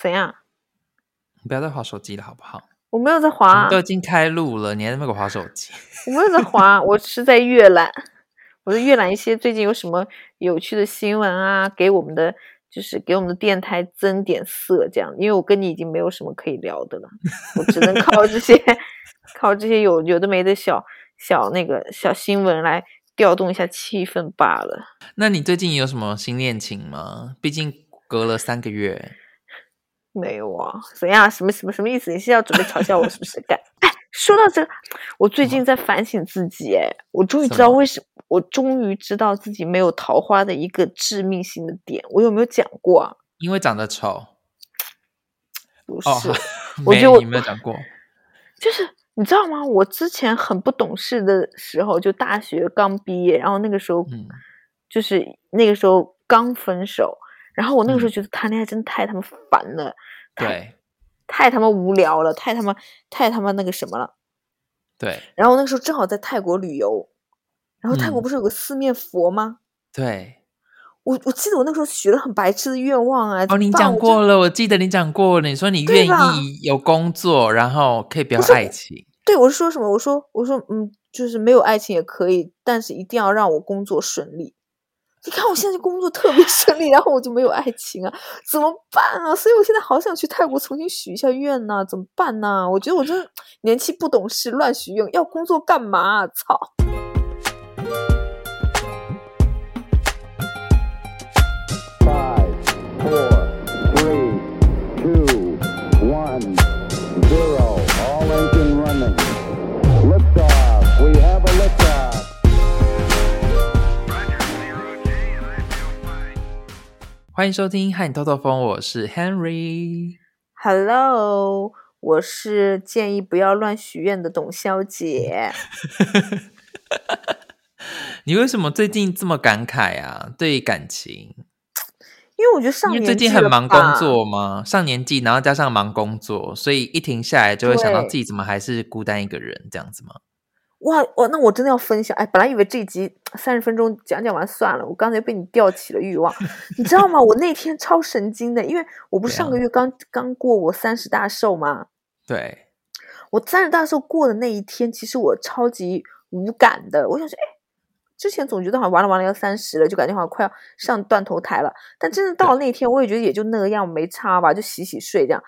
怎樣？你不要再滑手機了，好不好？我沒有在滑啊，都已經開錄了，你還在那個滑手機？我沒有在滑， 我是在閱覽，我在閱覽一些最近有什麼有趣的新聞啊，給我們的就是給我們的電台增點色，這樣。因為我跟你已經沒有什麼可以聊的了，我只能靠這些， 靠這些有有的沒的小小那個小新聞來調動一下氣氛罷了。那你最近有什麼新戀情嗎？畢竟隔了三個月。沒有啊，誰呀、啊？什麼什麼什麼意思？你是要準備嘲笑我是不是？幹！ 哎，說到這個，我最近在反省自己，哎，嗯、我終於知道為什麼，什麼我終於知道自己沒有桃花的一個致命性的點。我有沒有講過啊？因為長得醜。不是，哦、我就你有沒有講過？就是你知道嗎？我之前很不懂事的時候，就大學剛畢業，然後那個時候，嗯、就是那個時候剛分手。然後我那個時候覺得談戀愛真的太他媽煩了，嗯、對，太他媽無聊了，太他媽太他媽那個什麼了，對。然後我那個時候正好在泰國旅遊，然後泰國不是有個四面佛嗎？嗯、對。我我記得我那個時候許了很白痴的願望啊。哦，你講過了，着我記得你講過了，你說你願意有工作，吧然後可以不要愛情。對，我是說什麼？我說我說嗯，就是沒有愛情也可以，但是一定要讓我工作順利。你看我現在工作特別順利， 然後我就沒有愛情啊，怎麼辦啊？所以我現在好想去泰國重新許一下願吶，怎麼辦吶、啊？我覺得我真的年輕不懂事，亂許願，要工作幹嘛？操！歡迎收聽《和你透透風》，我是 Henry。Hello，我是建議不要亂許願的董小姐。 你為什麼最近這麼感慨啊？對感情？因為我覺得上年因為最近很忙工作嘛，上年紀，然後加上忙工作，所以一停下來就會想到自己怎麼還是孤單一個人這樣子嗎？哇哦，那我真的要分享哎！本來以為這一集三十分鐘講講完算了，我剛才被你吊起了欲望， 你知道嗎？我那天超神經的，因為我不是上個月剛、啊、剛過我三十大壽嗎？對，我三十大壽過的那一天，其實我超級無感的。我想說，哎，之前總覺得好像完了完了要三十了，就感覺好像快要上斷頭台了。但真的到了那一天，對我也覺得也就那個樣，沒差吧，就洗洗睡這樣。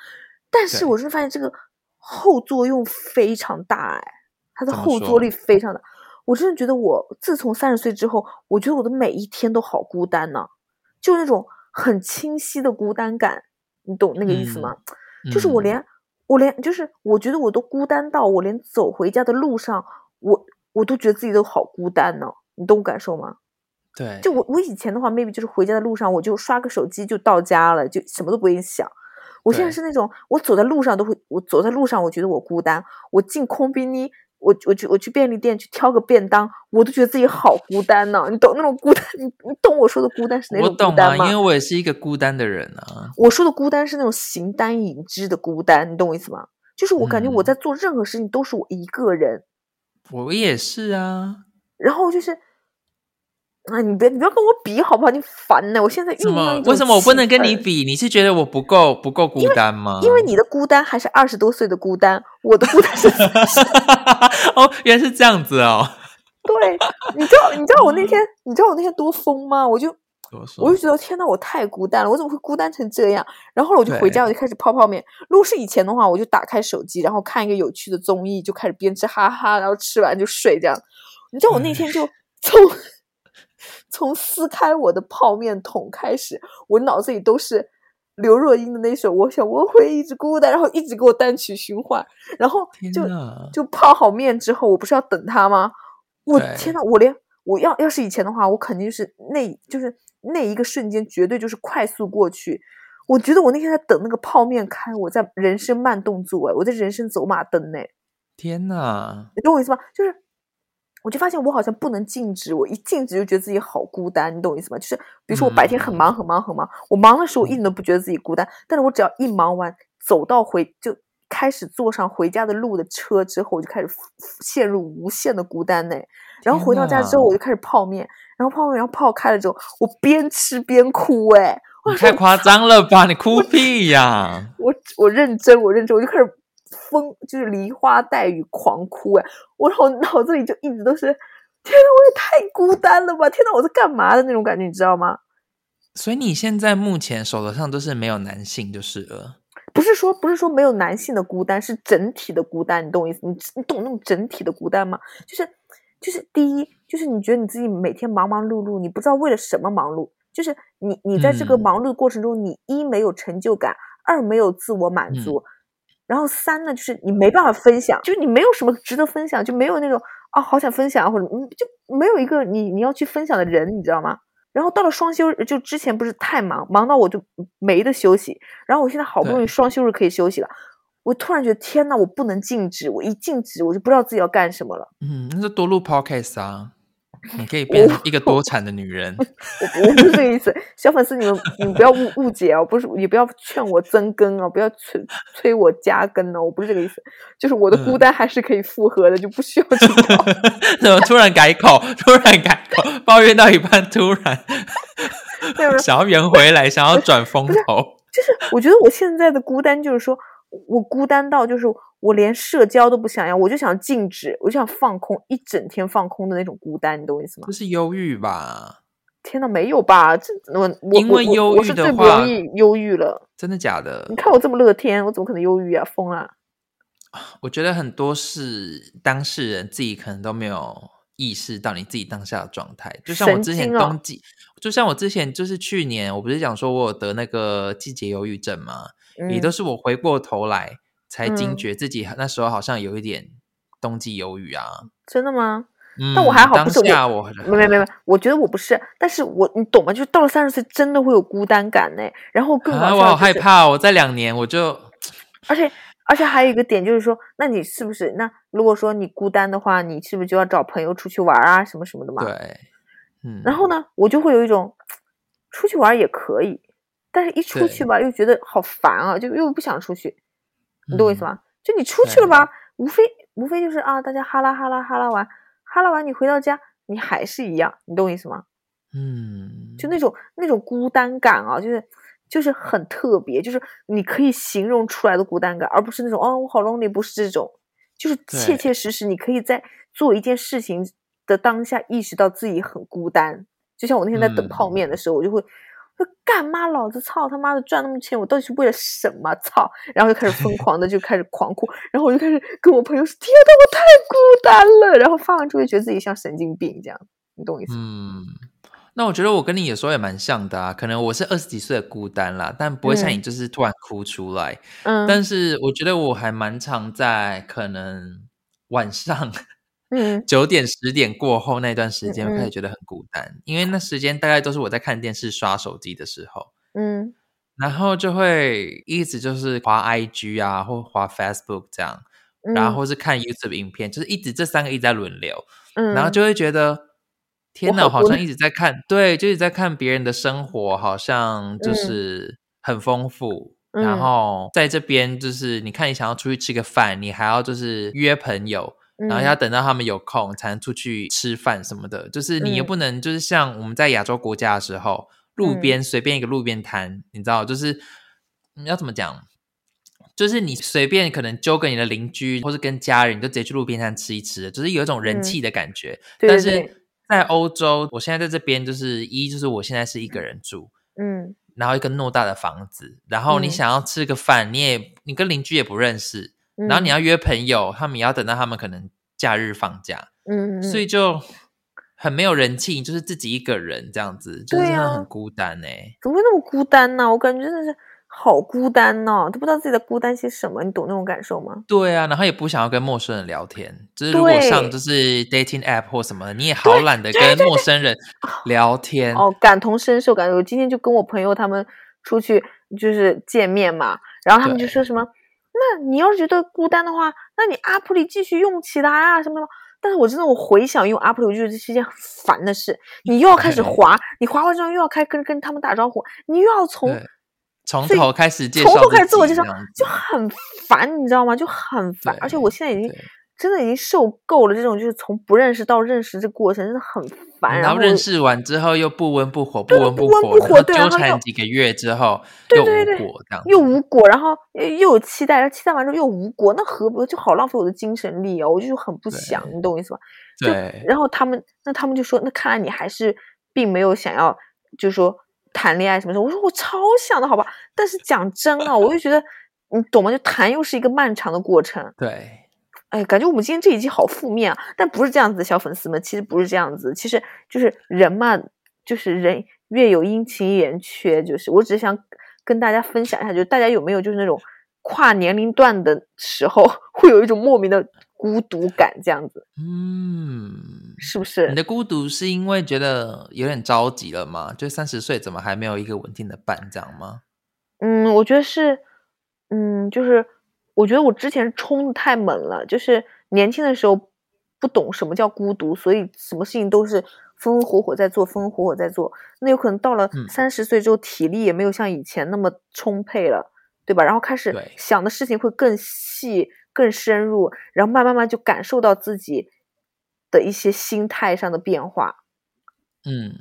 但是，我真的發現這個後作用非常大，哎。他的後坐力非常的大，我真的覺得我自從三十歲之後，我覺得我的每一天都好孤單呢，就那種很清晰的孤單感，你懂那個意思嗎？嗯、就是我連、嗯、我連就是我覺得我都孤單到我連走回家的路上，我我都覺得自己都好孤單呢，你懂我感受嗎？對，就我我以前的話，maybe 就是回家的路上，我就刷個手機就到家了，就什麼都不用想。我現在是那種對我走在路上都會，我走在路上我覺得我孤單，我進 combini，我我去我去便利店去挑個便當，我都覺得自己好孤單呢、啊，你懂那種孤單？你你懂我說的孤單是哪種孤單嗎？我懂啊，因為我也是一個孤單的人啊。我說的孤單是那種形單影隻的孤單，你懂我意思嗎？就是我感覺我在做任何事情都是我一個人，我也是啊。然後就是。啊！你別，你不要跟我比好不好？你煩呢、欸！我現在鬱悶，為什麼我不能跟你比？你是覺得我不夠不夠孤單嗎？因、因為你的孤單還是二十多歲的孤單，我的孤單是…… 哦，原來是這樣子哦。對，你知道你知道我那天 你知道我那天多瘋嗎？我就松我就覺得天吶，我太孤單了，我怎麼會孤單成這樣？然後我就回家，對我就開始泡泡麵。如果是以前的話，我就打開手機，然後看一個有趣的綜藝，就開始邊吃哈哈，然後吃完就睡。這樣，你知道我那天就從。 從撕開我的泡麵桶開始，我腦子裡都是劉若英的那首《我想我會一直孤單》，然後一直給我單曲循環。然後就哪就泡好麵之後，我不是要等他嗎？對我天哪！我連，我要，要是以前的話，我肯定是那就是那一個瞬間，絕對就是快速過去。我覺得我那天在等那個泡麵開，我在人生慢動作誒，我在人生走馬燈呢。天吶哪，你懂我意思嗎？就是。我就發現我好像不能靜止，我一靜止就覺得自己好孤單，你懂我意思嗎？就是比如說我白天很忙很忙很忙，嗯、我忙的時候我一點都不覺得自己孤單，嗯、但是我只要一忙完，走到回就開始坐上回家的路的車之後，我就開始陷入無限的孤單嘞。然後回到家之後我就開始泡麵，天哪。然後泡麵然後泡開了之後，我邊吃邊哭哎！太誇張了吧，你哭屁呀？我我，我認真我認真我就開始。風就是梨花帶雨狂哭哎、欸，我然後腦子裡就一直都是，天哪，我也太孤單了吧！天哪，我在幹嘛的那種感覺，你知道嗎？所以你現在目前手頭上都是沒有男性，就是了。不是說不是說沒有男性的孤單，是整體的孤單，你懂我意思？你你懂那種整體的孤單嗎？就是就是第一，就是你覺得你自己每天忙忙碌碌，你不知道為了什麼忙碌。就是你你在這個忙碌過程中，嗯、你一沒有成就感，二沒有自我滿足。嗯然後三呢，就是你沒辦法分享，就你沒有什麼值得分享，就沒有那種啊，好想分享，或者嗯，就沒有一個你你要去分享的人，你知道嗎？然後到了雙休日，就之前不是太忙，忙到我就沒得休息。然後我現在好不容易雙休日可以休息了，對我突然覺得天吶，我不能靜止，我一靜止，我就不知道自己要幹什麼了。嗯，那多錄 podcast 啊。你可以變成一個多慘的女人，我我，我不是這個意思，小粉絲你們，你，們不不你不要誤誤解哦，不是你不要勸我增更，啊，不要催催我加更哦，我不是這個意思，就是我的孤單還是可以複合的，嗯、就不需要去。怎 麼突然改口？突然改口，抱怨到一半突然 想要圓回來，想要轉風頭，就是我覺得我現在的孤單，就是說我孤單到就是。我連社交都不想要，我就想靜止，我就想放空一整天，放空的那種孤單，你懂我意思嗎？不是憂鬱吧？天吶，沒有吧？這我因為憂鬱的話我，我是最不容易憂鬱了，真的假的？你看我這麼樂天，我怎麼可能憂鬱啊？瘋啊！我覺得很多事當事人自己可能都沒有意識到你自己當下的狀態，就像我之前冬季，啊、冬季就像我之前就是去年，我不是講說我有得那個季節憂鬱症嗎？嗯、也都是我回過頭來。才驚覺自己那時候好像有一點冬季憂鬱啊！真的嗎？嗯，嗯但我還好，不是我，我沒沒沒，我覺得我不是。 但是我，我你懂嗎？就是到了三十歲，真的會有孤單感呢。然後更、就是，更、啊、我好害怕，我在兩年我就，而且而且還有一個點就是說，那你是不是？那如果說你孤單的話，你是不是就要找朋友出去玩啊，什麼什麼的嘛？對，嗯。然後呢，我就會有一種出去玩也可以，但是一出去吧，對又覺得好煩啊，就又不想出去。你懂我意思嗎？嗯、就你出去了吧，對的，無非無非就是啊，大家哈拉哈拉哈拉完，哈拉完你回到家，你還是一樣，你懂我意思嗎？嗯，就那種那種孤單感啊，就是就是很特別，就是你可以形容出來的孤單感，而不是那種哦，我好 lonely，不是這種，就是切切實實，你可以在做一件事情的當下意識到自己很孤單。就像我那天在等泡面的時候，嗯、我就會。幹嗎？老子操他媽的賺那麼錢，我到底是為了什麼？操！然後就開始瘋狂的，就開始狂哭，然後我就開始跟我朋友說：“天哪，我太孤單了。”然後發完之後就覺得自己像神經病這樣，你懂我意思？嗯，那我覺得我跟你有時候也蠻像的啊，可能我是二十幾歲的孤單啦，但不會像你就是突然哭出來。嗯，但是我覺得我還蠻常在，可能晚上。嗯，九點十點過後那段時間我開始覺得很孤單，因為那時間大概都是我在看電視、刷手機的時候。嗯，然後就會一直就是滑 IG 啊，或滑 Facebook 這樣，然後是看 YouTube 影片，就是一直這三個一直在輪流。嗯，然後就會覺得，天哪，我好像一直在看，對，就是在看別人的生活，好像就是很豐富。然後在這邊，就是你看，你想要出去吃個飯，你還要就是約朋友。然後要等到他們有空才能出去吃飯什麼的，就是你又不能就是像我們在亞洲國家的時候，路邊隨便一個路邊攤，你知道，就是你要怎麼講，就是你隨便可能揪個你的鄰居或是跟家人就直接去路邊攤吃一吃，就是有一種人氣的感覺。但是在歐洲，我現在在這邊，就是一就是我現在是一個人住，然後一個偌大的房子，然後你想要吃個飯，你也你跟鄰居也不認識。然後你要約朋友，嗯、他們也要等到他們可能假日放假，嗯，所以就很沒有人氣，就是自己一個人這樣子，真的，啊、很孤單誒、欸、怎麼會那麼孤單呢，啊？我感覺真的是好孤單哦。都不知道自己在孤單些什麼，你懂那種感受嗎？對啊，然後也不想要跟陌生人聊天，就是如果上就是 dating app 或什麼，你也好懶得跟陌生人聊天。哦，聊天哦，感同身受，感覺我今天就跟我朋友他們出去就是見面嘛，然後他們就說什麼。那你要是覺得孤單的話，那你阿普裡繼續用起來呀，什麼什麼。但是我真的，我回想用阿普裡，我，ly, 我覺得是件很煩的事。你又要開始滑。對你滑完之後又要開跟跟他們打招呼，你又要從從頭開始介紹，從頭開始自我介紹，對就很煩，你知道嗎？就很煩。對而且我現在已經。真的已經受夠了這種，就是從不認識到認識這過程真的、就是、很煩。然後，然後認識完之後又不溫不火，對對不溫不火，然後糾纏幾個月之後又無果，又無果，然後又，又有期待，然後期待完之後又無果，那何不就好浪費我的精神力哦？我就是很不想，對你懂我意思嗎？對就。然後他們，那他們就說：“那看來你還是並沒有想要，就是說談戀愛什麼時候。”我說：“我超想的，好吧。”但是講真啊，我就覺得 你懂嗎？就談又是一個漫長的過程。對。哎，感覺我們今天這一期好負面啊！但不是這樣子的小粉絲們，其實不是這樣子，其實就是人嘛，就是人越有陰晴圓缺，就是我只是想跟大家分享一下，就是大家有沒有就是那種跨年齡段的時候會有一種莫名的孤獨感這樣子？嗯，是不是？你的孤獨是因為覺得有點着急了嗎？就三十歲怎麼還沒有一個穩定的伴這樣嗎？嗯，我覺得是，嗯，就是。我覺得我之前衝得太猛了，就是年輕的時候不懂什麼叫孤獨，所以什麼事情都是風風火火在做，風風火火在做。那有可能到了三十歲之後，體力也沒有像以前那麼充沛了，對吧？然後開始想的事情會更細、更深入，然後慢慢慢就感受到自己的一些心態上的變化。嗯，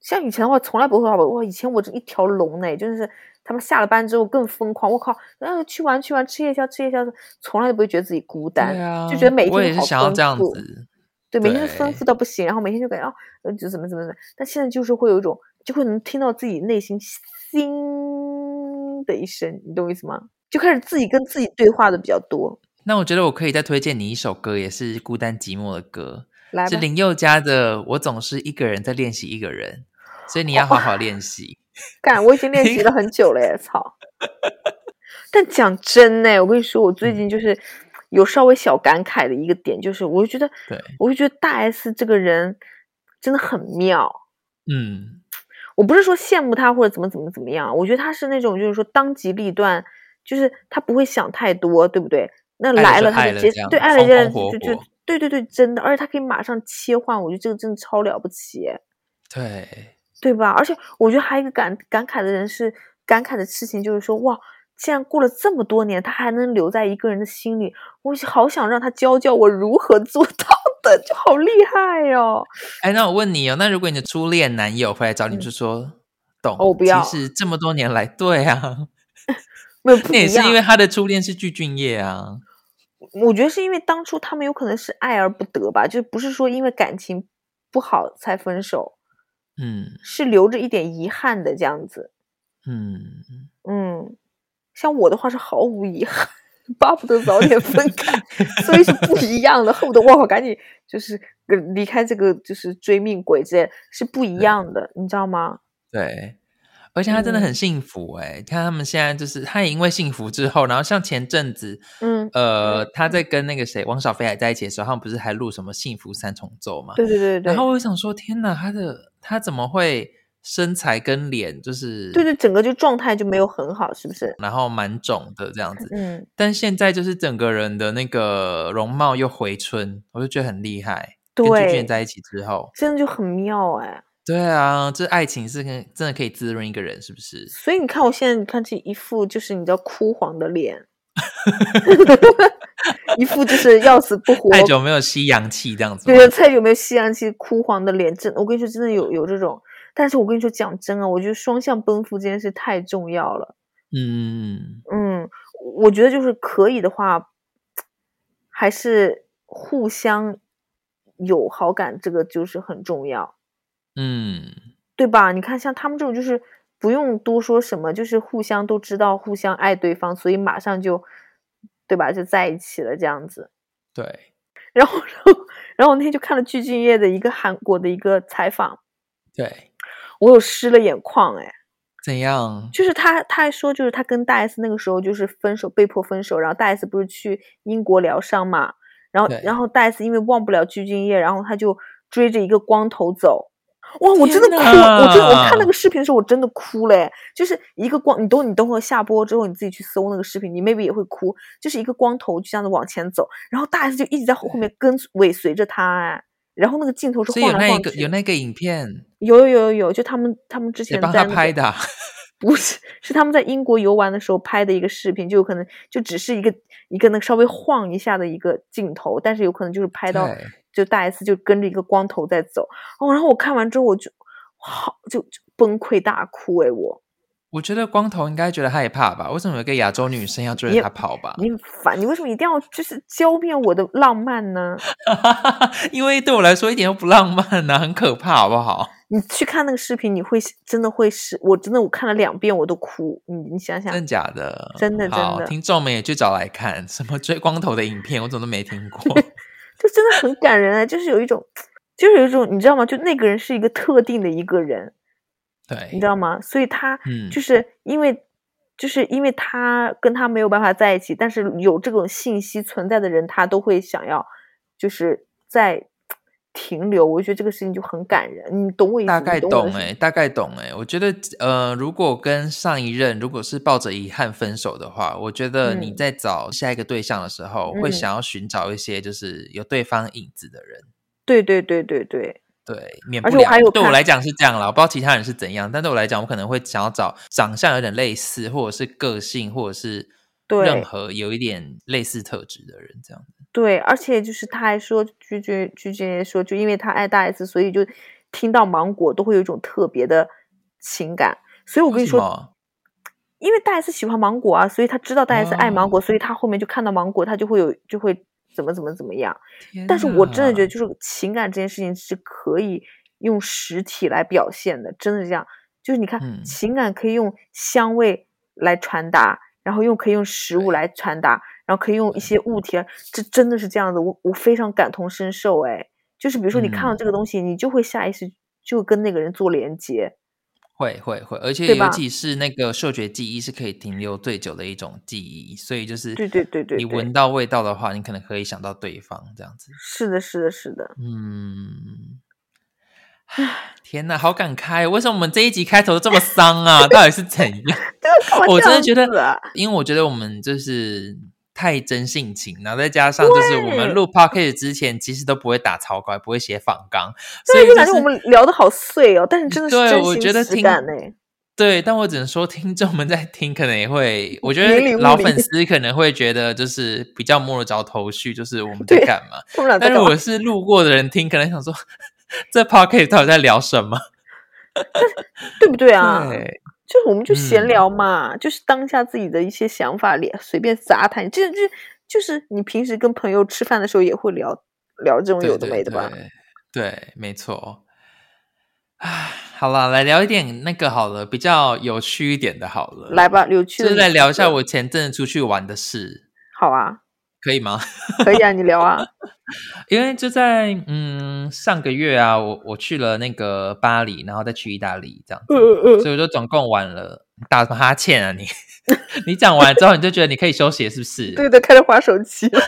像以前的話，從來不會好我哇，以前我這一條龍呢，就是。他們下了班之後更瘋狂，我靠！然、呃、後去玩去玩，吃夜宵吃夜宵，從來就不會覺得自己孤單，啊、就覺得每天我也是想要這樣子。對每天都豐富到不行，然後每天就感覺哦，就怎麼怎麼怎麼。但現在就是會有一種，就會能聽到自己內心“心”的一聲，你懂我意思嗎？就開始自己跟自己對話的比較多。那我覺得我可以再推薦你一首歌，也是孤單寂寞的歌，來吧林宥嘉的《我總是一個人在練習一個人》，所以你要好好練習。幹，我已經練習了很久了耶，操！ 但講真呢，我跟你說，我最近就是有稍微小感慨的一個點，就是我就覺得，對，我就覺得大 S 這個人真的很妙。嗯，我不是說羨慕他或者怎麼怎麼怎麼樣，我覺得他是那種就是說當機立斷，就是他不會想太多，對不對？那來了他就接，對，愛了，就就對對對，真的，而且他可以馬上切換，我覺得這個真的超了不起。對。對吧？而且我覺得還有一個感感慨的人是感慨的事情，就是說哇，既然過了這麼多年，他還能留在一個人的心裡，我好想讓他教教我如何做到的，就好厲害喲、哦！哎，那我問你哦，那如果你的初戀男友回來找你，就說、嗯、懂、哦？我不要。就是這麼多年來，對啊，沒有不 那也是因為他的初戀是具俊曄啊。我覺得是因為當初他們有可能是愛而不得吧，就不是說因為感情不好才分手。嗯，是留着一點遺憾的這樣子，嗯嗯，像我的話是毫無遺憾，巴不得早點分開， 所以是不一樣的。恨 不得哇，趕緊就是離開這個就是追命鬼，這，是不一樣的，對你知道嗎？對。而且他真的很幸福哎、欸，看、嗯、他們現在就是，他也因為幸福之後，然後像前陣子，嗯，呃，對他在跟那個誰汪小菲還在一起的時候，他們不是還錄什麼幸福三重奏嗎？對，對對對。然後我就想說，天哪，他的他怎麼會身材跟臉就是？對對，整個就狀態就沒有很好，是不是？然後蠻腫的這樣子，嗯。但現在就是整個人的那個容貌又回春，我就覺得很厲害。對，跟俊，俊在一起之後，真的就很妙哎、欸。對啊，這愛情是跟真的可以滋潤一個人，是不是？所以你看，我現在你看這一副就是你知道枯黃的臉， 一副就是要死不活，太久沒有吸陽氣這樣子。對，太久沒有吸陽氣，枯黃的臉，真我跟你說，真的有有這種。但是我跟你說，講真啊，我覺得雙向奔赴這件事太重要了。嗯嗯，我覺得就是可以的話，還是互相有好感，這個就是很重要。嗯，對吧？你看，像他們這種，就是不用多說什麼，就是互相都知道，互相愛對方，所以馬上就對吧？就在一起了，這樣子。對。然後，然後，然後我那天就看了具俊曄的一個韓國的一個採訪。對。我有濕了眼眶，哎。怎樣？就是他，他還說，就是他跟大 S 那個時候就是分手，被迫分手。然後大 S 不是去英國療傷嘛？然後，對然後大 S 因為忘不了具俊曄，然後他就追着一個光頭走。哇，我真的哭，哪我真我看那個視頻的時候我真的哭嘞，就是一個光，你等你等會下播之後你自己去搜那個視頻，你 maybe 妹妹也會哭，就是一個光頭就這樣子往前走，然後大 S 就一直在後面跟對尾隨着他，然後那個鏡頭是晃來晃去。所以有那個有那個影片，有有有有有，就他們他們之前在、那個、幫他拍的。 不是，是他們在英國遊玩的時候拍的一個視頻，就有可能就只是一個一個那個稍微晃一下的一個鏡頭，但是有可能就是拍到就大 S 就跟着一個光頭在走對哦。然後我看完之後，我就好就就崩潰大哭哎！我我覺得光頭應該覺得害怕吧？為什麼有個亞洲女生要追着他跑吧？你很煩你，你為什麼一定要就是澆滅我的浪漫呢？ 因為對我來說一點都不浪漫呢，很可怕好不好？你去看那個視頻，你會真的會是？我真的我看了兩遍，我都哭。你你想想，真的假的，真的真的。好真的聽眾們也去找來看，什麼追光頭的影片，我怎麼都沒聽過。 就真的很感人啊，就是有一種，就是有一種，你知道嗎？就那個人是一個特定的一個人，對，你知道嗎？所以他，嗯，就是因為，嗯、就是因為他跟他沒有辦法在一起，但是有這種信息存在的人，他都會想要，就是在。停留，我覺得這個事情就很感人，你懂我意思嗎？大概懂哎，懂大概懂哎。我覺得，呃，如果跟上一任如果是抱着遺憾分手的話，我覺得你在找下一個對象的時候，嗯、會想要尋找一些就是有對方影子的人。對、嗯、對對對對對，對免不了。我對我來講是這樣啦。我不知道其他人是怎樣，但對我來講，我可能會想要找長相有點類似，或者是個性，或者是。任何有一點類似特質的人，這樣子。對，而且就是他還說，拒絕拒絕說，就因為他愛大 S，所以就聽到芒果都會有一種特別的情感。所以我跟你說，哦、因為大 S 喜歡芒果啊，所以他知道大 S 愛芒果，哦、所以他後面就看到芒果，他就會有就會怎麼怎麼怎麼樣。哪但是我真的覺得，就是情感這件事情是可以用實體來表現的，真的是這樣。就是你看，嗯、情感可以用香味來傳達。然後又可以用食物來傳達，對然後可以用一些物體，嗯、這真的是這樣子，我我非常感同身受哎。就是比如說你看到這個東西，嗯、你就會下意識就跟那個人做連接。會會會，而且尤其是那個嗅覺記憶是可以停留最久的一種記憶，吧所以就是對對對，你聞到味道的話，對對對對你可能可以想到對方這樣子。是的，是的，是的，嗯。天哪，好感慨！為什麼我們這一集開頭都這麼喪啊？到底是怎樣？ 怎樣，我真的覺得，啊、因為我覺得我們就是太真性情，然後再加上就是我們錄 podcast 之前，對其實都不會打草稿，不會寫訪綱，對所以就感覺我們聊的好碎哦。但真是真的，對，我覺得聽呢，對，但我只能說，聽眾們在聽可能也會，我覺得老粉絲可能會覺得就是比較摸得着頭緒，就是我們在幹嘛。幹嘛但是我是路過的人聽， 可能想說。這 Podcast 到底在聊什麼？對不對啊？對就我們就閒聊嘛，嗯、就是當下自己的一些想法，聊隨便雜談，就就就是你平時跟朋友吃飯的時候也會聊聊這種有的沒的吧對對對？對，沒錯。啊，好了，來聊一點那個好了，比較有趣一點的，好了，來吧，有趣的。就是來聊一下我前陣子出去玩的事。好啊。可以嗎？可以啊，你聊啊。 因為就在嗯上個月啊，我我去了那個巴黎，然後再去意大利，這樣子，嗯嗯、所以我就總共玩了。打什麼哈欠啊你？ 你講完之後你就覺得你可以休息了是不是？對對，開始滑手機了。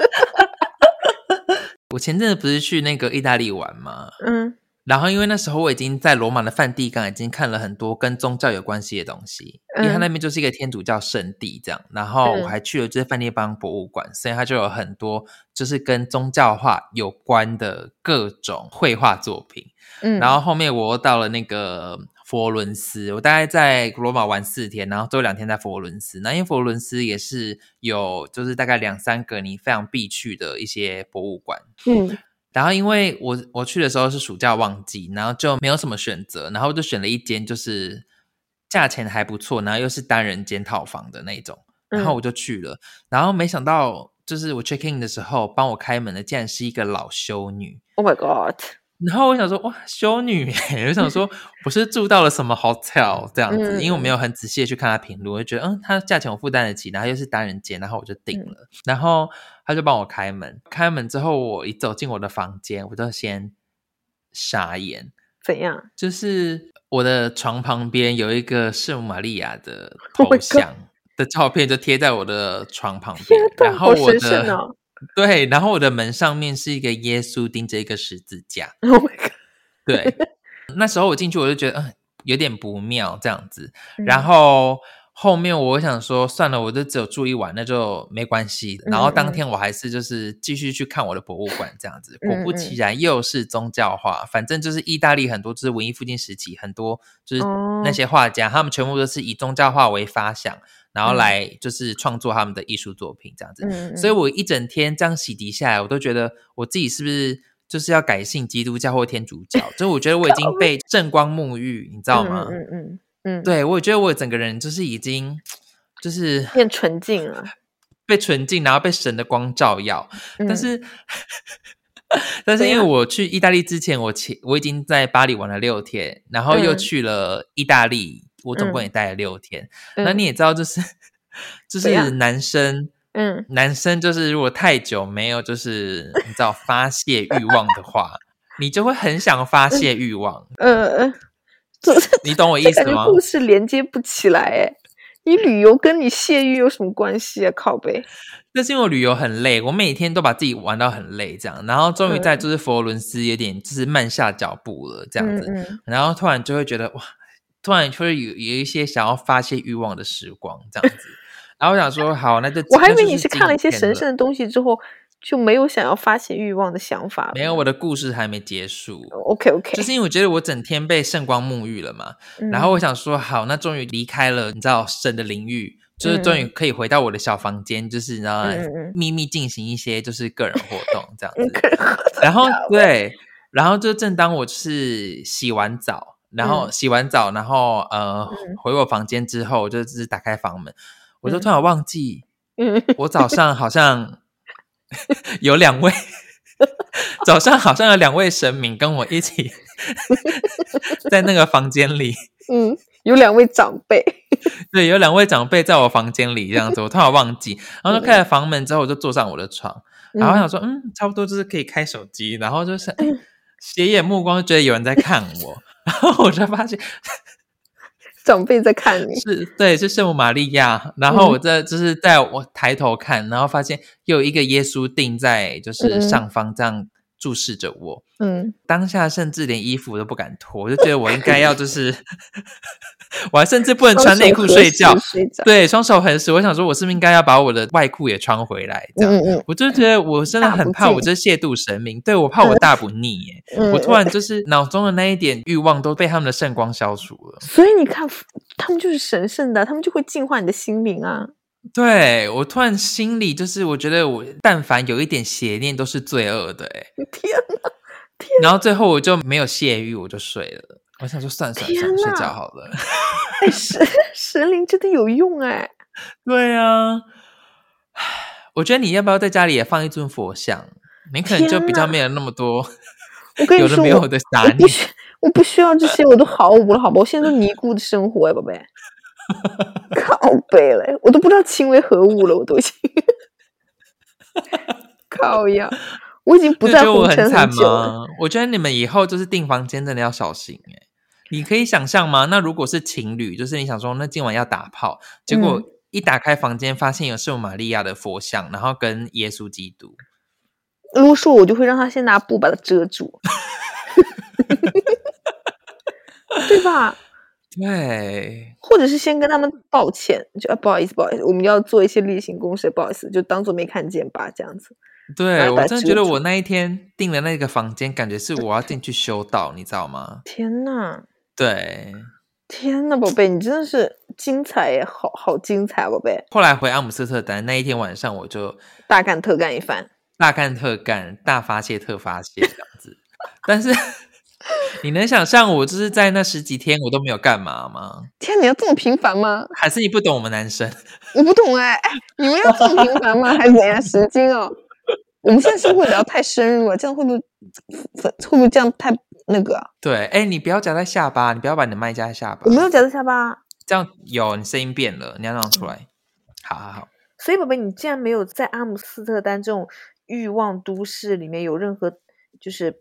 我前陣子不是去那個意大利玩嗎？嗯。然後，因為那時候我已經在羅馬的梵蒂岡已經看了很多跟宗教有關係的東西，嗯、因為它那邊就是一個天主教聖地這樣。然後我還去了這個梵蒂岡博物館，嗯、所以它就有很多就是跟宗教畫有關的各種繪畫作品。嗯、然後後面我又到了那個佛羅倫斯，我大概在羅馬玩四天，然後最後兩天在佛羅倫斯。那因為佛羅倫斯也是有就是大概兩三個你非常必去的一些博物館。嗯。然後因為我我去的時候是暑假旺季，然後就沒有什麼選擇，然後我就選了一間就是價錢還不錯，然後又是單人間套房的那種，嗯、然後我就去了，然後沒想到就是我 check in 的時候幫我開門的竟然是一個老修女，Oh my god！然後我想說哇，修女，我想說我是住到了什麼 hotel、嗯、這樣子，因為我沒有很仔細的去看他評論，嗯、我就覺得嗯，她價錢我負擔得起，然後又是單人間，然後我就訂了。嗯、然後他就幫我開門，開門之後我一走進我的房間，我就先傻眼，怎樣？就是我的床旁邊有一個聖瑪利亞的頭像的照片，就貼在我的床旁邊。天哪，然後我的。對，然後我的門上面是一個耶穌釘着一個十字架。Oh my God 對，那時候我進去，我就覺得嗯、呃、有點不妙這樣子。然後後面我想說算了，我就只有住一晚，那就沒關係。然後當天我還是就是繼續去看我的博物館這樣子。果不其然，又是宗教畫，反正就是意大利很多，就是文藝復興時期很多就是那些畫家，他們全部都是以宗教畫為發想。然後來就是創作他們的藝術作品，這樣子。嗯嗯、所以我一整天這樣洗滌下來，我都覺得我自己是不是就是要改信基督教或天主教？所以我覺得我已經被聖光沐浴， 你知道嗎？嗯嗯嗯，嗯嗯對，我覺得我整個人就是已經就是變純淨了，被純淨，然後被神的光照耀。但是、嗯、 但是因為我去意大利之前，我前我已經在巴黎玩了六天，然後又去了意大利。我總共也待了六天，那、嗯、你也知道，就是、嗯、就是男生，嗯，男生就是如果太久沒有就是你知道發洩慾望的話， 你就會很想發洩慾望，嗯嗯，這、呃、 你懂我意思嗎？是 連接不起來哎，你旅遊跟你洩慾有什麼關係啊？靠北，這是因為旅遊很累，我每天都把自己玩到很累，這樣，然後終於在就是佛羅倫斯有點就是慢下腳步了，這樣子，嗯嗯，然後突然就會覺得哇。突然就是有有一些想要發泄欲望的時光，這樣子。 然後我想說，好，那就我還以為你是看了一些神聖的東西之後，就沒有想要發泄欲望的想法。沒有，我的故事還沒結束。OK OK，就是因為我覺得我整天被聖光沐浴了嘛。嗯、然後我想說，好，那終於離開了，你知道神的領域，就是終於可以回到我的小房間，就是然後、嗯、秘密進行一些就是個人活動這樣子。 然後對， 然後就正當我是洗完澡。然後洗完澡，嗯、然後呃回我房間之後，我就自己打開房門，我就突然忘記，嗯、我早上好像有兩位， 早上好像有兩位神明跟我一起在那個房間裡，嗯，有兩位長輩，對，有兩位長輩在我房間裡這樣子，我突然忘記，然後就開了房門之後，我就坐上我的床，嗯、然後想說，嗯，差不多就是可以開手機，然後就是。嗯斜眼目光覺得有人在看我， 然後我就發現長輩在看你，是對，是聖母瑪利亞。然後我在就,就是在我抬頭看，嗯、然後發現又一個耶穌定在就是上方這樣注視着我。嗯，當下甚至連衣服都不敢脫，我就覺得我應該要就是。 我還甚至不能穿內褲睡覺，睡對，雙手很濕。我想說，我是不是應該要把我的外褲也穿回來？這樣，嗯嗯、我就覺得我真的很怕，我這褻瀆神明。對，我怕我大不逆、嗯、我突然就是腦中的那一點慾望都被他們的聖光消除了。所以你看，他們就是神聖的，他們就會淨化你的心靈啊！對，我突然心裡就是，我覺得我但凡有一點邪念都是罪惡的。哎，天哪！然後最後我就沒有洩慾，我就睡了。我想就算算了算算，算了哪，睡覺好了。哎，神神靈真的有用哎。對呀、啊，我覺得你要不要在家裡也放一尊佛像？哪你可能就比較沒有那麼多。我跟你說， 的的我我不需我不需要這些，我都毫無了，好不好？我現在都尼姑的生活哎，寶貝。 靠北嘞，我都不知道情為何物了，我都已經。 靠呀，我已經不在。覺得我很慘嗎？我覺得你們以後就是訂房間真的要小心哎。你可以想象嗎？那如果是情侶，就是你想說，那今晚要打炮，嗯、結果一打開房間，發現有聖瑪利亞的佛像，然後跟耶穌基督。如果是我就會讓他先拿布把它遮住， 對吧？對，或者是先跟他們道歉，就啊、哎，不好意思，不好意思，我們要做一些例行公事，不好意思，就當做沒看見吧，這樣子。對，把把我真的覺得我那一天訂了那個房間，感覺是我要進去修道，你知道嗎？天哪！對，天哪，寶貝，你真的是精彩，好好精彩，啊，寶貝。後來回阿姆斯特丹那一天晚上，我就大幹特幹一番，大幹特幹，大發洩特發洩這樣子。 但是你能想象我就是在那十幾天我都沒有幹嘛嗎？天，你要這麼頻繁嗎？還是你不懂我們男生？我不懂哎，欸，哎，你們要這麼頻繁嗎？ 還是人家時間哦？ 我們現在生活聊太深入了？這樣會不會會不會這樣太？那個對，哎，你不要夾在下巴，你不要把你的麥夾在下巴。我沒有夾在下巴，這樣有你聲音變了，你要讓出來。嗯、好好好。所以，寶貝，你竟然沒有在阿姆斯特丹這種慾望都市裡面有任何就是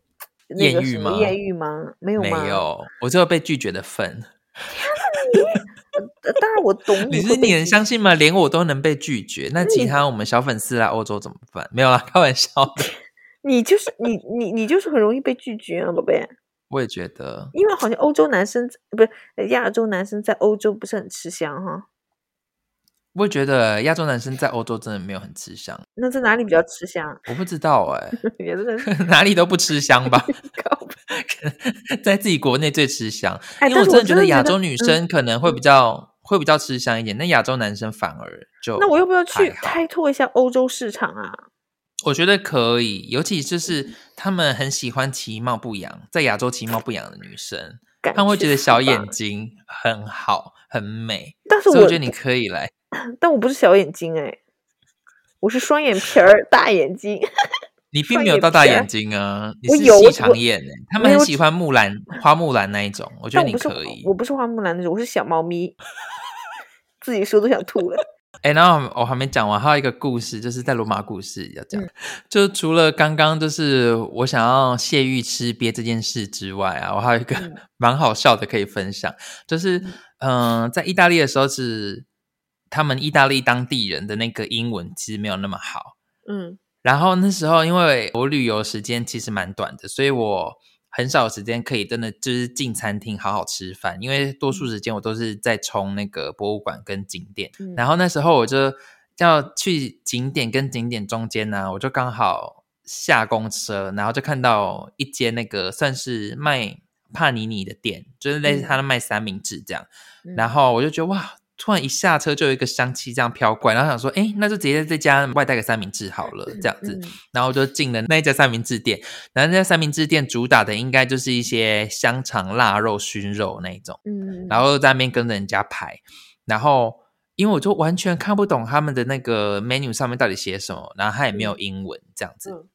豔遇嗎？豔遇嗎？沒有，沒有嗎？沒有，我只有被拒絕的份。天哪你，你 當然我懂。 你是你能相信嗎？連我都能被拒絕，那、嗯、其他我們小粉絲來歐洲怎麼辦？沒有啦，開玩笑的。 你就是你你你就是很容易被拒絕啊，寶貝。我也覺得，因為好像歐洲男生不是亞洲男生在歐洲不是很吃香哈。我也覺得亞洲男生在歐洲真的沒有很吃香。那在哪裡比較吃香？我不知道哎、欸， 哪裡都不吃香吧？可 能在自己國內最吃香。欸、因為我真的覺得亞洲女生可能會比較、嗯、會比較吃香一點，那亞洲男生反而就，那我要不要去開拓一下歐洲市場啊？我覺得可以，尤其就是他們很喜歡其貌不揚，在亞洲其貌不揚的女生，感覺 他們會覺得小眼睛很好很美。但是我，我覺得你可以來，但我不是小眼睛誒、欸、我是雙眼皮兒 大眼睛。你並沒有到大眼睛啊， 我有，你是細長眼、欸。他們很喜歡木蘭我花木蘭那一種，我覺得你可以我。我不是花木蘭那種，我是小貓咪，自己說都想吐了。 誒然後我還沒講完，還有一個故事，就是在羅馬故事要講，嗯、就除了剛剛就是我想要謝玉吃鱉這件事之外啊，我還有一個蠻好笑的可以分享，就是嗯、呃，在意大利的時候是他們意大利當地人的那個英文其實沒有那麼好，嗯，然後那時候因為我旅遊時間其實蠻短的，所以我。很少時間可以真的就是進餐廳好好吃飯，因為多數時間我都是在衝那個博物館跟景點。然後那時候我就要去景點跟景點中間呢、啊，我就剛好下公車，然後就看到一間那個算是賣帕尼尼的店，就是類似他的賣三明治這樣。然後我就覺得哇！突然一下車就有一個香氣，這樣飄過來，然後想說，哎、欸，那就直接在這家外帶個三明治好了，嗯嗯、這樣子，然後就進了那家三明治店。然後那家三明治店主打的應該就是一些香腸、臘肉、燻肉那一種，嗯，然後就在那邊跟着人家排，然後因為我就完全看不懂他們的那個 menu 上面到底寫什麼，然後他也沒有英文這樣子。嗯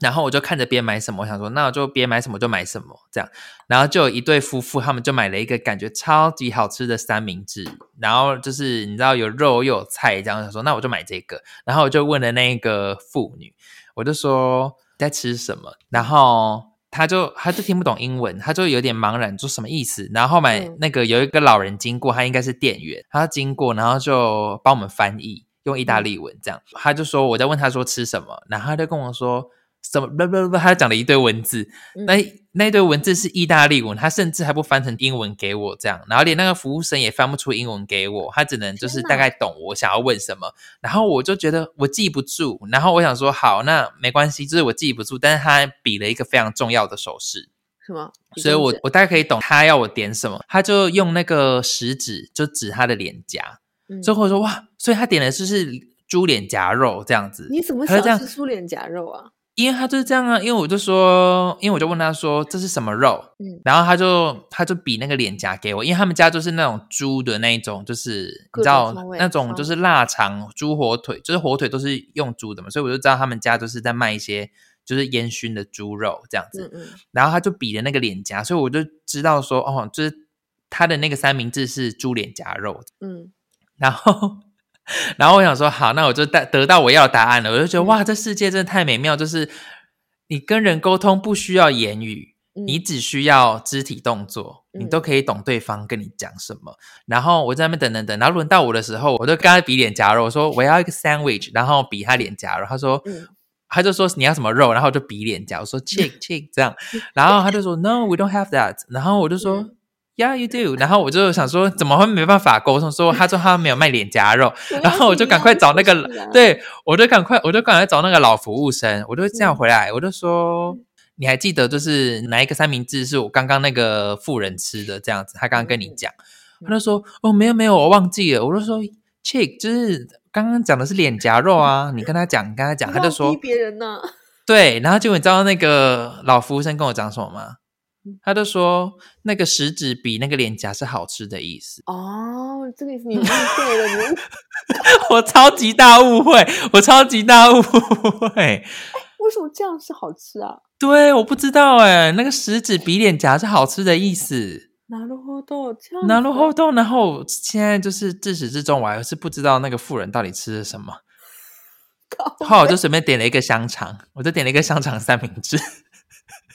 然後我就看着別人買什麼，我想說，那我就別人買什麼就買什麼這樣。然後就有一對夫婦，他們就買了一個感覺超級好吃的三明治，然後就是你知道有肉又有菜這樣。我想說，那我就買這個。然後我就問了那個婦女，我就說在吃什麼？然後他就他就聽不懂英文，他就有點茫然，說什麼意思？然後買、嗯、那個有一個老人經過，他應該是店員，他經過然後就幫我們翻譯，用意大利文這樣。他就說我在問他說吃什麼，然後他就跟我說。什麼，不不不，他講了一堆文字，嗯、那那一堆文字是意大利文，他甚至還不翻成英文給我這樣，然後連那個服務生也翻不出英文給我，他只能就是大概懂我想要問什麼，哪然後我就覺得我記不住，然後我想說好，那沒關係，就是我記不住，但是他比了一個非常重要的手勢，什麼？所以我我大概可以懂他要我點什麼，他就用那個食指就指他的臉頰，最後、嗯、說哇，所以他點的就是豬臉頰肉這樣子，你怎麼想吃豬臉頰肉啊？因為他就是這樣啊，因為我就說，因為我就問他說這是什麼肉，嗯，然後他就他就比那個臉頰給我，因為他們家就是那種豬的那種，就是你知道那種就是臘腸、湯豬火腿，就是火腿都是用豬的嘛，所以我就知道他們家就是在賣一些就是煙燻的豬肉這樣子，嗯嗯，然後他就比的那個臉頰，所以我就知道說哦，就是他的那個三明治是豬臉頰肉，嗯，然後。然後我想說，好，那我就得得到我要的答案了。我就覺得、嗯、哇，這世界真的太美妙，就是你跟人溝通不需要言語，嗯、你只需要肢體動作，你都可以懂對方跟你講什麼。嗯、然後我在那邊等等等，然後輪到我的時候，我就跟他比臉頰肉，我說我要一個 sandwich，然後比他臉頰肉，然後他說、嗯、他就說你要什麼肉，然後我就比臉頰，我說 check check 這樣，然後他就說 no，we don't have that，然後我就說。嗯 Yeah, you do. 然後我就想說，怎麼會沒辦法溝通？說他說他沒有賣臉頰肉，然後我就趕快找那個，對我就趕快，我就趕快找那個老服務生，我就這樣回來，我就說，你還記得就是哪一個三明治是我剛剛那個富人吃的這樣子？他剛剛跟你講，他就說，哦，沒有沒有，我忘記了。我就說，Check，就是剛剛講的是臉頰肉啊，你跟他講，跟他講，他就說，別人呢？對，然後結果你知道那個老服務生跟我講什麼嗎？他就說，那個食指，比那個臉頰是好吃的意思哦，這個意思你弄對了。 我超級大誤會，我超級大誤會。為什麼這樣是好吃啊？對，我不知道哎，那個食指比臉頰是好吃的意思。拿入後洞，拿入後洞，然後現在就是自始至終我還是不知道那個富人到底吃了什麼。好位，後我就隨便點了一個香腸，我就點了一個香腸三明治。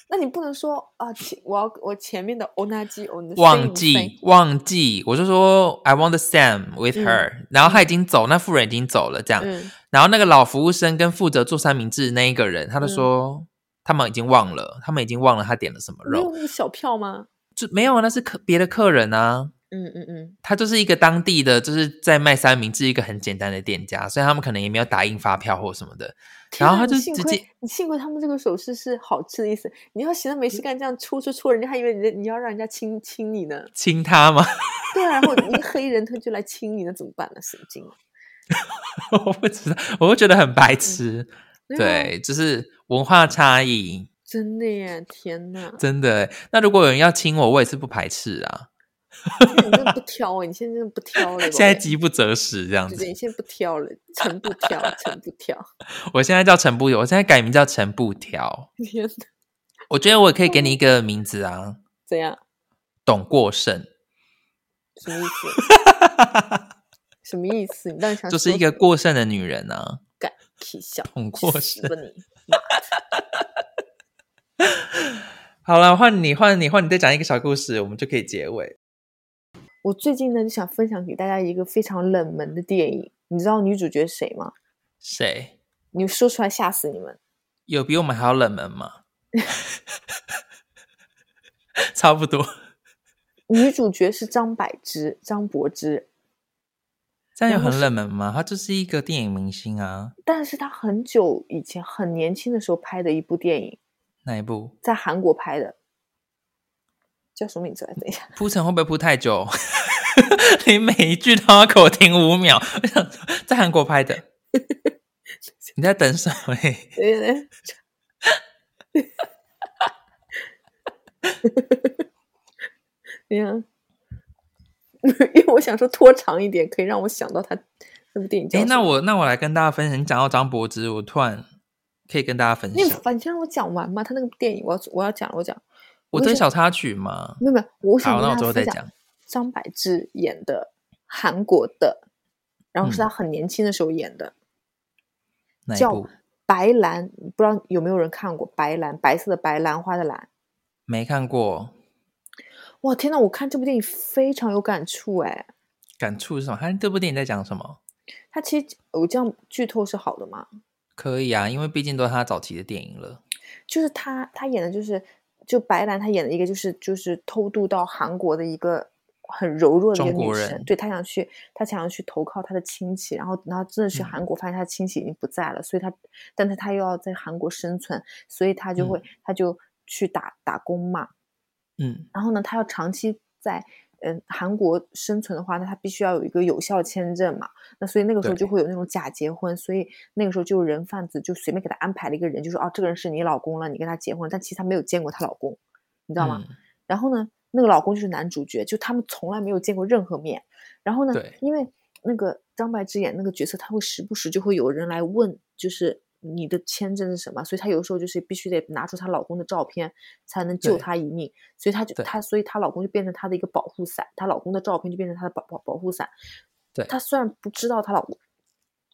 那你不能說啊！前我要我前面的同じ、同じ，忘記忘記，我就說 I want the same with her，嗯、然後他已經走，那婦人已經走了，這樣，嗯、然後那個老服務生跟負責做三明治那一個人，他就說、嗯、他們已經忘了，他們已經忘了他點了什麼肉，沒有那個小票嗎？就沒有，那是客別的客人啊。嗯嗯嗯，他就是一個當地的就是在賣三明治一個很簡單的店家，所以他們可能也沒有打印發票或什麼的，哪然後他就直接你幸，你幸虧他們這個手勢是好吃的意思，你要閒着沒事幹這樣戳戳戳人家還以為你你要讓人家親親你呢，親他嗎？對啊，然後一個黑人他就來親你， 那怎麼辦呢、啊？神經！ 我不知道，我會覺得很白痴。嗯、對，有就是文化差異。真的耶！天哪，真的耶。那如果有人要親我，我也是不排斥啊。 你真的不挑哎、欸！你現在真的不挑了，現在飢不擇食這樣子。你現在不挑了，陳不挑，陳不挑。 我現在叫陳不挑，我現在改名叫陳不挑。 天哪！我覺得我可以給你一個名字啊。 怎樣？董過剩？什麼意思？什麼意思？你當然想，就是一個過剩的女人呢、啊。感謝小痛過剩盛吧 你。好了，換你，換你，換你，再講一個小故事，我們就可以結尾。我最近呢，就想分享給大家一個非常冷門的電影。你知道女主角是誰嗎？誰？你說出來嚇死你們！有比我們還要冷門嗎？ 差不多 。女主角是張柏芝、張柏芝。這樣很冷門嗎？她就是一個電影明星啊。但是她很久以前、很年輕的時候拍的一部電影。哪一部？在韓國拍的。叫什麼名字？等一下，鋪陳會不會鋪太久？ 你每一句都要給我停五秒。 在韓國拍的。 你在等什麼？ 等一等下。哈哈哈哈哈！因為我想說拖長一點，可以讓我想到他那部電影。哎、欸，那我那我來跟大家分享。你講到張柏芝，我突然可以跟大家分享。你反正讓我講完嘛，他那個電影，我要我要講，我講。我真小插曲嘛？沒有沒有，好，那我之後再講。張柏芝演的韓國的，然後是他很年輕的時候演的，嗯、叫白《白蘭》，不知道有沒有人看過《白蘭》？白色的白蘭花的蘭。沒看過。哇，天哪！我看這部電影非常有感觸，哎，感觸是什麼？看這部電影在講什麼？他其實我、哦、這樣劇透是好的嗎？可以啊，因為畢竟都是他早期的電影了。就是他，他演的就是。就白蘭，她演的一個就是就是偷渡到韓國的一個很柔弱的一個女人，對她想去，她想要去投靠她的親戚，然後然後真的去韓國，嗯、發現她的親戚已經不在了，所以她，但是她又要在韓國生存，所以她就會她、嗯、就去打打工嘛，嗯，然後呢，她要長期在韓國生存的話，那他必須要有一個有效簽證嘛。那所以那個時候就會有那種假結婚，對所以那個時候就是人販子就隨便給他安排了一個人，就說哦，這個人是你老公了，你跟他結婚，但其實他沒有見過她老公，你知道嗎？嗯、然後呢，那個老公就是男主角，就他們從來沒有見過任何面。然後呢，對因為那個張柏芝演那個角色，他會時不時就會有人來問，就是。你的簽證是什麼？所以她有時候就是必須得拿出她老公的照片才能救她一命。對所以她就她對，所以她老公就變成她的一個保護傘，她老公的照片就變成她的保保保護傘。對，她雖然不知道她老公，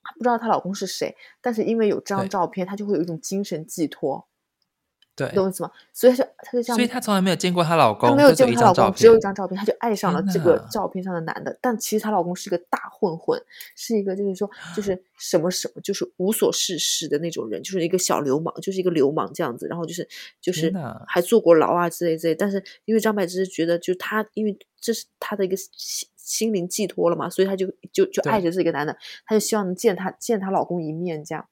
她不知道她老公是誰，但是因為有這張照片，她對就會有一種精神寄託。對懂我意思嗎？所以她就，她就這樣。所以她從來沒有見過她老公，她沒有見過她老公，老公只有一張照片，她就愛上了這個照片上的男的。但其實她老公是個大混混，是一個就是說，就是什麼什麼，就是無所事事的那種人，就是一個小流氓，就是一個流氓這樣子。然後就是，就是還坐過牢啊之類之類。但是因為張柏芝覺得，就她，因為這是她的一個心心靈寄託了嘛，所以她就就就愛着這個男的，她對就希望能見她見她老公一面這樣。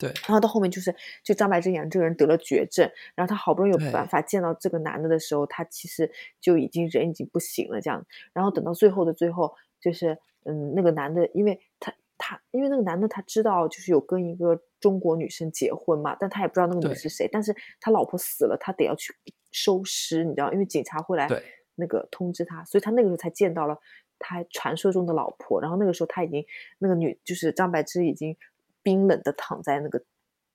對，然後到後面就是，就張柏芝演這個人得了絕症，然後他好不容易有辦法見到這個男的的時候，對他其實就已經人已經不行了這樣。然後等到最後的最後，就是，嗯，那個男的，因為他他因為那個男的他知道就是有跟一個中國女生結婚嘛，但他也不知道那個女是誰。對但是他老婆死了，他得要去收屍，你知道，因為警察會來那個通知他，對所以他那個時候才見到了他傳說中的老婆。然後那個時候他已經那個女就是張柏芝已經。冰冷的躺在那個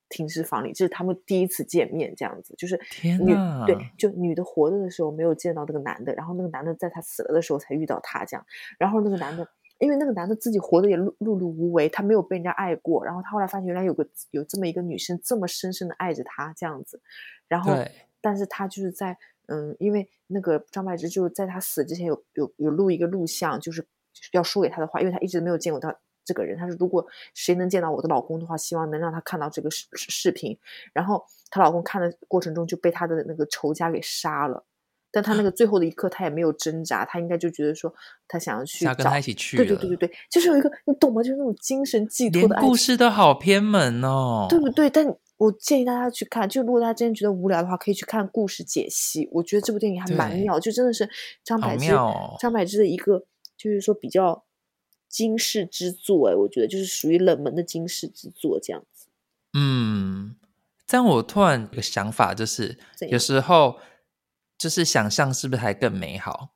停屍房裡，這、就是他們第一次見面，這樣子就是女天哪對，就女的活着的時候沒有見到那個男的，然後那個男的在他死了的時候才遇到她這樣，然後那個男的，因為那個男的自己活得也碌碌碌無為，他沒有被人家愛過，然後他後來發現原來有個有這麼一個女生這麼深深的愛着他這樣子，然後對但是他就是在嗯，因為那個張柏芝就是在他死之前有有有錄一個錄像，就是要說給他的話，因為他一直沒有見過他。這個人，他說：“如果誰能見到我的老公的話，希望能讓他看到這個視視頻。”然後她老公看的過程中就被他的那個仇家給殺了，但他那個最後的一刻，他也沒有掙扎，他應該就覺得說他想要去找他跟他一起去。對對對對對，就是有一個你懂嗎？就是那種精神寄托的。連故事都好偏門哦，對不對？但我建議大家去看，就如果大家真的覺得無聊的話，可以去看故事解析。我覺得這部電影還蠻妙，對就真的是張柏芝，妙哦、張柏芝的一個就是說比較。.驚世之作，欸、哎，我覺得就是屬於冷門的驚世之作這樣子。嗯，這樣我突然有個想法，就是樣有時候就是想象是不是還更美好？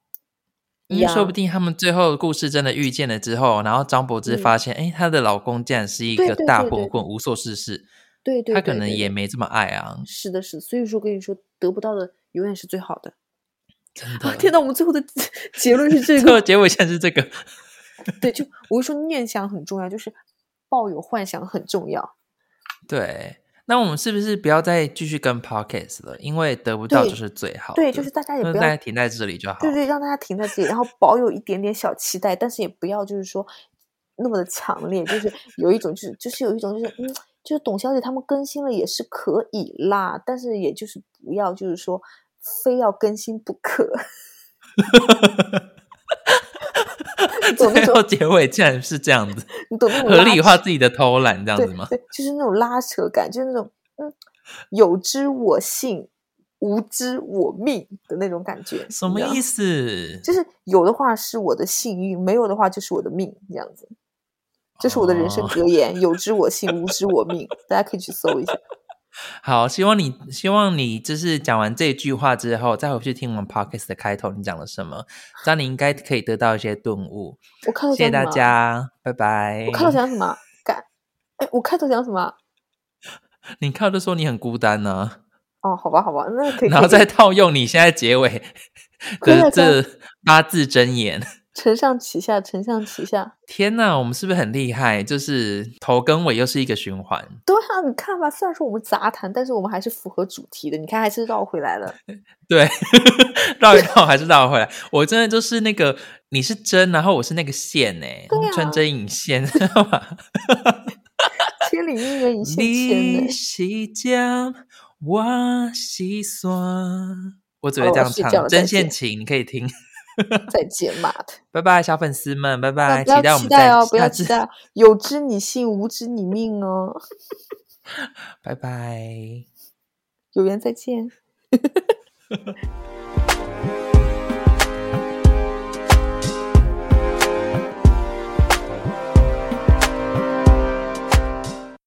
や因為說不定他們最後的故事真的遇見了之後，然後張柏芝發現，哎，嗯，她，欸，的老公竟然是一個對對對對大混混，無所事事。對對、對、對對，他可能也沒這麼愛啊。是的，是的，是所以說跟你說，得不到的永遠是最好的。真的，天哪，啊！聽到我們最後的結論是這個， 結尾現在是這個。 對，就我會說念想很重要，就是抱有幻想很重要。對，那我們是不是不要再繼續跟 podcast 了？因為得不到就是最好對。對，就是大家也不要大家停在這裡就好。對對，讓大家停在這裡，然後保有一點點小期待，但是也不要就是說 那麼的強烈。就是有一種，就是就是有一種，就是嗯，就是董小姐他們更新了也是可以啦，但是也就是不要就是說非要更新不可。 最後結尾竟然是這樣子，你懂得合理化自己的偷懶這樣子嗎？對對，就是那種拉扯感，就是那種嗯，有之我幸，無之我命的那種感覺。什麼意思？就是有的話是我的幸運，沒有的話就是我的命，這樣子。這是我的人生格言：oh。有之我幸，無之我命。大家可以去搜一下。好，希望你希望你就是講完這句話之後，再回去聽我們 podcast 的開頭，你講了什麼？這樣你應該可以得到一些頓悟。我看到，謝謝大家，拜拜。我看到講什麼？感拜？哎，我開頭講什麼？看都講什麼？你看到說你很孤單呢、啊？哦，好吧，好吧，那可以。然後再套用你現在結尾的這八字箴言。承上啟下，承上啟下。天哪，我們是不是很厲害？就是頭跟尾又是一個循環。對啊，你看吧，雖然說我們雜談，但是我們還是符合主題的。你看，還是繞回來了。對， 繞一繞對還是繞回來。我真的就是那個你是針，然後我是那個線呢，啊、穿針引線，知道吧？千里姻緣一線牽。你是江，我是山。我只會這樣唱，了針線情，見你可以聽。 再見，馬特。拜拜，小粉絲們，拜拜、啊！不要期待哦、啊啊，不要期待， 有知你幸，無知你命哦。拜拜 bye，有緣再見。